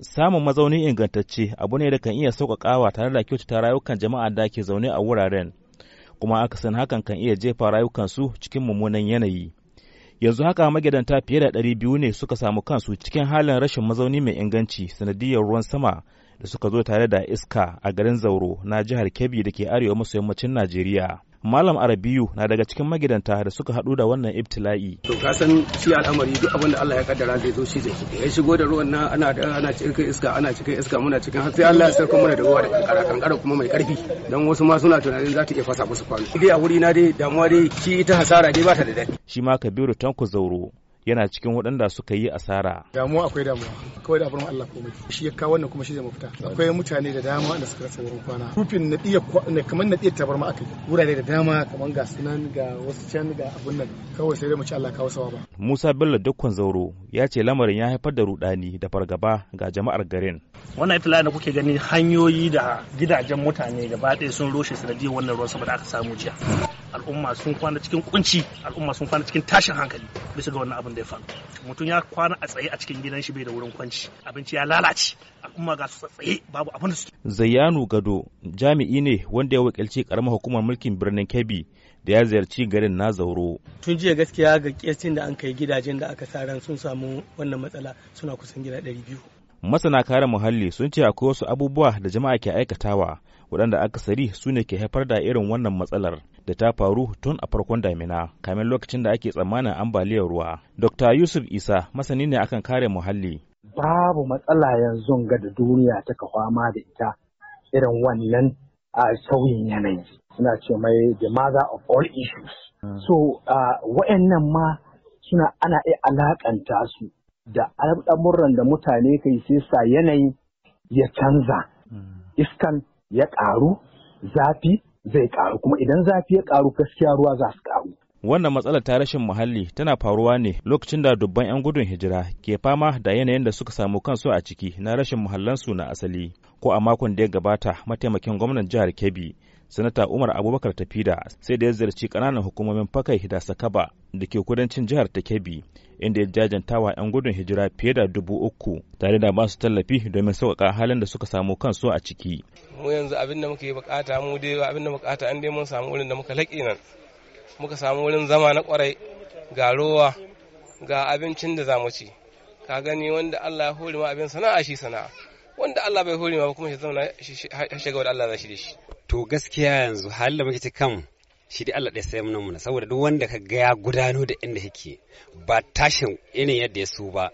Samun mazauni ingantacce abu ne da kan iya sauƙaƙawa tare da kyautata rayukan jama'a da ke zaune a wuraren, kuma akasin hakan kan iya jefa rayukansu cikin mummunan yanayi. Yanzu haka magidanta fiye da ɗari biyu ne suka samu kansu cikin halin rashin mazauni mai inganci sanadiyar ruwan sama da suka zo tare da iska a garin Zauro na jihar Kebbi da ke arewa maso yammacin Najeriya. Malam Arabiyu na daga cikin magidanta da suka hadu da wannan ibtila'i. To ka san shi al'amari duk abin da Allah ya kaddara zai zo shi zai shigo. Ya shigo da ruwan nan ana da ana cikin iska ana cikin iska muna cikin har sai Allah ya sarka mana da ruwa da kankara kankara kuma mai karfi. Dan wasu ma suna tunanin za ta iya fasa musu kwano. Dai a wuri na dai damuwa dai shi ita hasara dai ba ta da dadi Shi ma Kabiru Tanko Zauro yana cikin waɗanda suka yi asara. Damuwa akwai damuwa, kawai da abin Allah komai. Shi ya kawo wannan kuma shi zai mafita. Akwai mutane da dama da suka rasa wurin kwana. Rufin na na kamar na iya tabarma aka yi. Wurare da dama kamar ga sunan ga wasu can ga abun nan. Kawai sai dai mu ci Allah kawo sawa ba. Musa Bello Dukkan Zauro ya ce lamarin ya haifar da rudani da fargaba ga jama'ar garin. Wannan ita da kuke gani hanyoyi da gidajen mutane gaba ɗaya sun rushe sanadiyar wannan ruwan saboda aka samu jiya. al'umma sun kwana cikin kunci al'umma sun kwana cikin tashin hankali bisa ga wannan abin da ya faru mutum ya kwana a tsaye a cikin gidan shi bai da wurin kwanci abinci ya lalace al'umma ga su tsaye babu abin da su zayanu Gado jami'i ne wanda ya wakilci karamar hukumar mulkin birnin Kebbi da ya ziyarci garin na zauro. Tun jiya gaskiya ga kesin da an kai gidajen da aka sa ran sun samu wannan matsala suna kusan gida 200. masana kare muhalli sun ce akwai wasu abubuwa da jama'a ke aikatawa waɗanda akasari su ne ke haifar da irin wannan matsalar da ta faru tun a farkon damina kamin lokacin da ake tsammanin ambaliyar ruwa dr yusuf isa masani ne akan kare muhalli babu matsala yanzu ga da duniya ta kwama da ita irin wannan a sauyin yanayi suna ce mai the mother of all issues hmm. so wa'annan ma suna ana iya alakanta su da al'amuran da mutane kai sai sa yanayi ya canza hmm. iskan ya ƙaru zafi zai ƙaru kuma idan zafi ya ƙaru gaskiya ruwa za su ƙaru Wannan matsalar ta rashin muhalli tana faruwa ne lokacin da dubban 'yan gudun hijira ke fama da yanayin da suka samu kansu a ciki na rashin muhallansu na asali. Ko a makon da ya gabata mataimakin gwamnan jihar Kebbi, Sanata Umar Abubakar Tafida sai da ya ziyarci kananan hukumomin Fakai da Sakaba da ke kudancin jihar ta Kebbi, inda ya jajanta wa 'yan gudun hijira fiye da dubu uku tare da basu tallafi domin sauƙaƙa halin da suka samu kansu a ciki. Mu yanzu abin da muke bukata mu dai abin da bukata an dai mun samu wurin da muka laƙe nan. muka samu wurin zama na kwarai ga rowa ga abincin da zamu ci ka gani wanda Allah ya hori ma abin sana'a shi sana'a wanda Allah bai hori ma ba kuma shi zauna shi shiga wanda Allah za shi da shi to gaskiya yanzu halin da muke ci kan shi dai Allah ɗaya sai mun muna saboda duk wanda ka ga ya gudano da inda yake ba tashin irin yadda ya so ba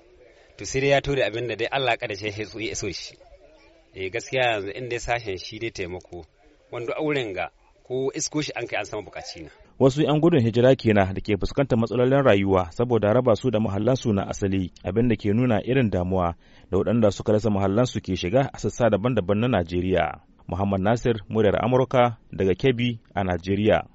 to sai dai ya tore abin da dai Allah kada shi ya so shi eh gaskiya yanzu inda ya sashen shi dai taimako wanda auren ga ko isko shi an kai an sama bukaci na wasu 'yan gudun hijira kenan da ke fuskantar matsalolin rayuwa saboda raba su da muhallansu na asali abin da ke nuna irin damuwa da waɗanda suka rasa muhallansu ke shiga a sassa daban-daban na Najeriya. Muhammad Nasir, muryar Amurka daga Kebbi a Najeriya.